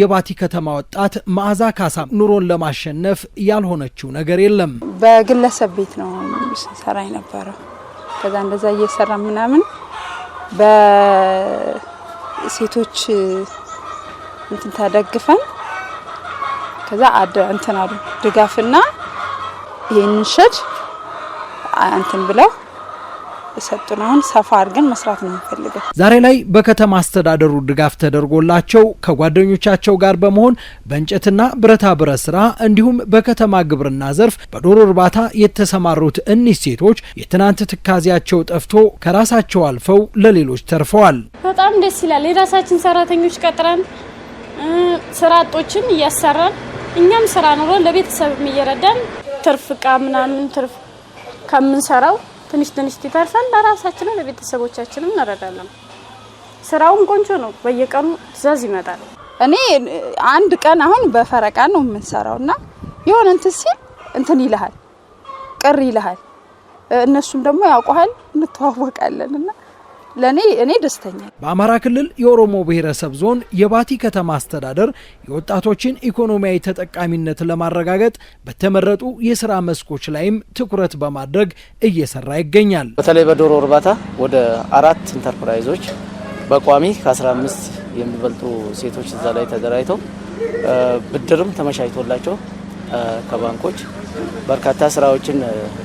የባቲ ከተማ ወጣት መዓዛ ካሳ ኑሮን ለማሸነፍ ያልሆነችው ነገር የለም። በግለሰብ ቤት ነው ስንሰራ የነበረው። ከዛ እንደዛ እየሰራ ምናምን በሴቶች እንትን ተደግፈን ከዛ እንትን አሉ ድጋፍና ይህንን ሸድ እንትን ብለው የሰጡነውን ሰፋ አድርገን መስራት ነው የምንፈልገው። ዛሬ ላይ በከተማ አስተዳደሩ ድጋፍ ተደርጎላቸው ከጓደኞቻቸው ጋር በመሆን በእንጨትና ብረታ ብረት ስራ እንዲሁም በከተማ ግብርና ዘርፍ በዶሮ እርባታ የተሰማሩት እኒህ ሴቶች የትናንት ትካዜያቸው ጠፍቶ ከራሳቸው አልፈው ለሌሎች ተርፈዋል። በጣም ደስ ይላል። የራሳችን ሰራተኞች ቀጥረን ስራ አጦችን እያሰራን እኛም ስራ ኑሮ ለቤተሰብ እየረዳን ትርፍ እቃ ምናምን ትርፍ ከምንሰራው ትንሽ ትንሽ ይተርፋል። ለራሳችንም ለቤተሰቦቻችንም እንረዳለን። ስራውም ቆንጆ ነው። በየቀኑ ትእዛዝ ይመጣል። እኔ አንድ ቀን አሁን በፈረቃ ነው የምንሰራው እና የሆነ እንትን ሲል እንትን ይልሃል፣ ቅር ይልሃል። እነሱም ደግሞ ያውቁሃል፣ እንተዋወቃለን እና ለእኔ እኔ ደስተኛ። በአማራ ክልል የኦሮሞ ብሔረሰብ ዞን የባቲ ከተማ አስተዳደር የወጣቶችን ኢኮኖሚያዊ ተጠቃሚነት ለማረጋገጥ በተመረጡ የስራ መስኮች ላይም ትኩረት በማድረግ እየሰራ ይገኛል። በተለይ በዶሮ እርባታ ወደ አራት ኢንተርፕራይዞች በቋሚ ከ15 የሚበልጡ ሴቶች እዛ ላይ ተደራጅተው ብድርም ተመቻችቶላቸው ከባንኮች በርካታ ስራዎችን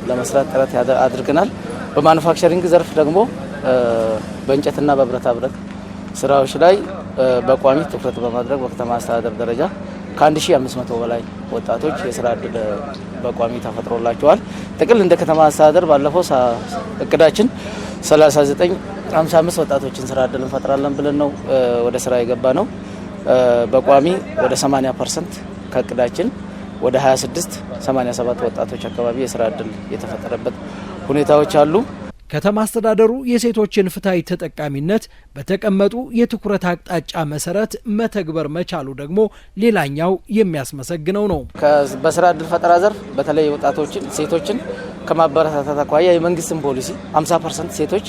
ለመስራት ጥረት አድርገናል። በማኑፋክቸሪንግ ዘርፍ ደግሞ በእንጨትና በብረታ ብረት ስራዎች ላይ በቋሚ ትኩረት በማድረግ በከተማ አስተዳደር ደረጃ ከ1500 በላይ ወጣቶች የስራ እድል በቋሚ ተፈጥሮላቸዋል። ጥቅል እንደ ከተማ አስተዳደር ባለፈው እቅዳችን 3955 ወጣቶችን ስራ እድል እንፈጥራለን ብለን ነው ወደ ስራ የገባ ነው። በቋሚ ወደ 80 ፐርሰንት ከእቅዳችን ወደ 26 87 ወጣቶች አካባቢ የስራ እድል የተፈጠረበት ሁኔታዎች አሉ። ከተማ አስተዳደሩ የሴቶችን ፍትሐዊ ተጠቃሚነት በተቀመጡ የትኩረት አቅጣጫ መሰረት መተግበር መቻሉ ደግሞ ሌላኛው የሚያስመሰግነው ነው። በስራ እድል ፈጠራ ዘርፍ በተለይ ወጣቶችን፣ ሴቶችን ከማበረታታት አኳያ የመንግስትን ፖሊሲ 50 ፐርሰንት ሴቶች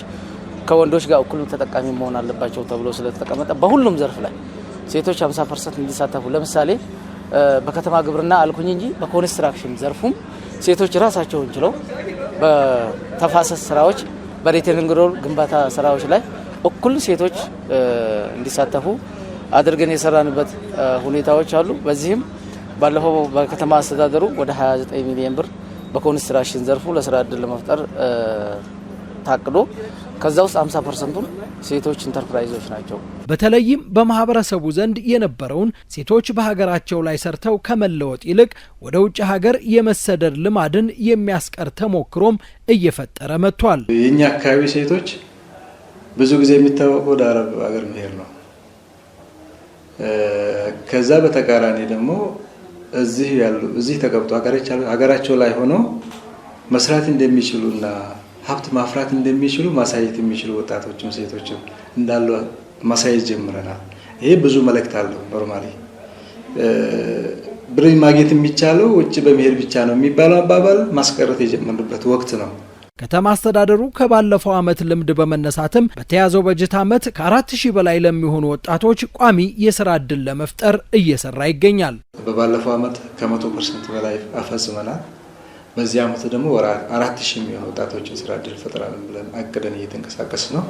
ከወንዶች ጋር እኩል ተጠቃሚ መሆን አለባቸው ተብሎ ስለተቀመጠ በሁሉም ዘርፍ ላይ ሴቶች 50 ፐርሰንት እንዲሳተፉ ለምሳሌ በከተማ ግብርና አልኩኝ እንጂ በኮንስትራክሽን ዘርፉም ሴቶች ራሳቸውን ችለው በተፋሰስ ስራዎች በሬቴኒንግ ግንባታ ስራዎች ላይ እኩል ሴቶች እንዲሳተፉ አድርገን የሰራንበት ሁኔታዎች አሉ። በዚህም ባለፈው በከተማ አስተዳደሩ ወደ 29 ሚሊዮን ብር በኮንስትራክሽን ዘርፉ ለስራ እድል ለመፍጠር ታቅዶ ከዛ ውስጥ 50 ፐርሰንቱን ሴቶች ኢንተርፕራይዞች ናቸው። በተለይም በማህበረሰቡ ዘንድ የነበረውን ሴቶች በሀገራቸው ላይ ሰርተው ከመለወጥ ይልቅ ወደ ውጭ ሀገር የመሰደድ ልማድን የሚያስቀር ተሞክሮም እየፈጠረ መጥቷል። የእኛ አካባቢ ሴቶች ብዙ ጊዜ የሚታወቁ ወደ አረብ ሀገር መሄድ ነው። ከዛ በተቃራኒ ደግሞ እዚህ ያሉ እዚህ ተቀብጦ ሀገራቸው ላይ ሆነው መስራት እንደሚችሉና ሀብት ማፍራት እንደሚችሉ ማሳየት የሚችሉ ወጣቶችም ሴቶችም እንዳሉ ማሳየት ጀምረናል። ይሄ ብዙ መልእክት አለው። ኖርማሊ ብር ማግኘት የሚቻለው ውጭ በመሄድ ብቻ ነው የሚባለው አባባል ማስቀረት የጀመርንበት ወቅት ነው። ከተማ አስተዳደሩ ከባለፈው ዓመት ልምድ በመነሳትም በተያዘው በጀት ዓመት ከአራት ሺህ በላይ ለሚሆኑ ወጣቶች ቋሚ የስራ እድል ለመፍጠር እየሰራ ይገኛል። በባለፈው ዓመት ከመቶ ፐርሰንት በላይ አፈጽመናል። በዚህ አመት ደግሞ አራት ሺህ የሚሆን ወጣቶችን ስራ እድል ፈጠራል ብለን አቅደን እየተንቀሳቀስ ነው።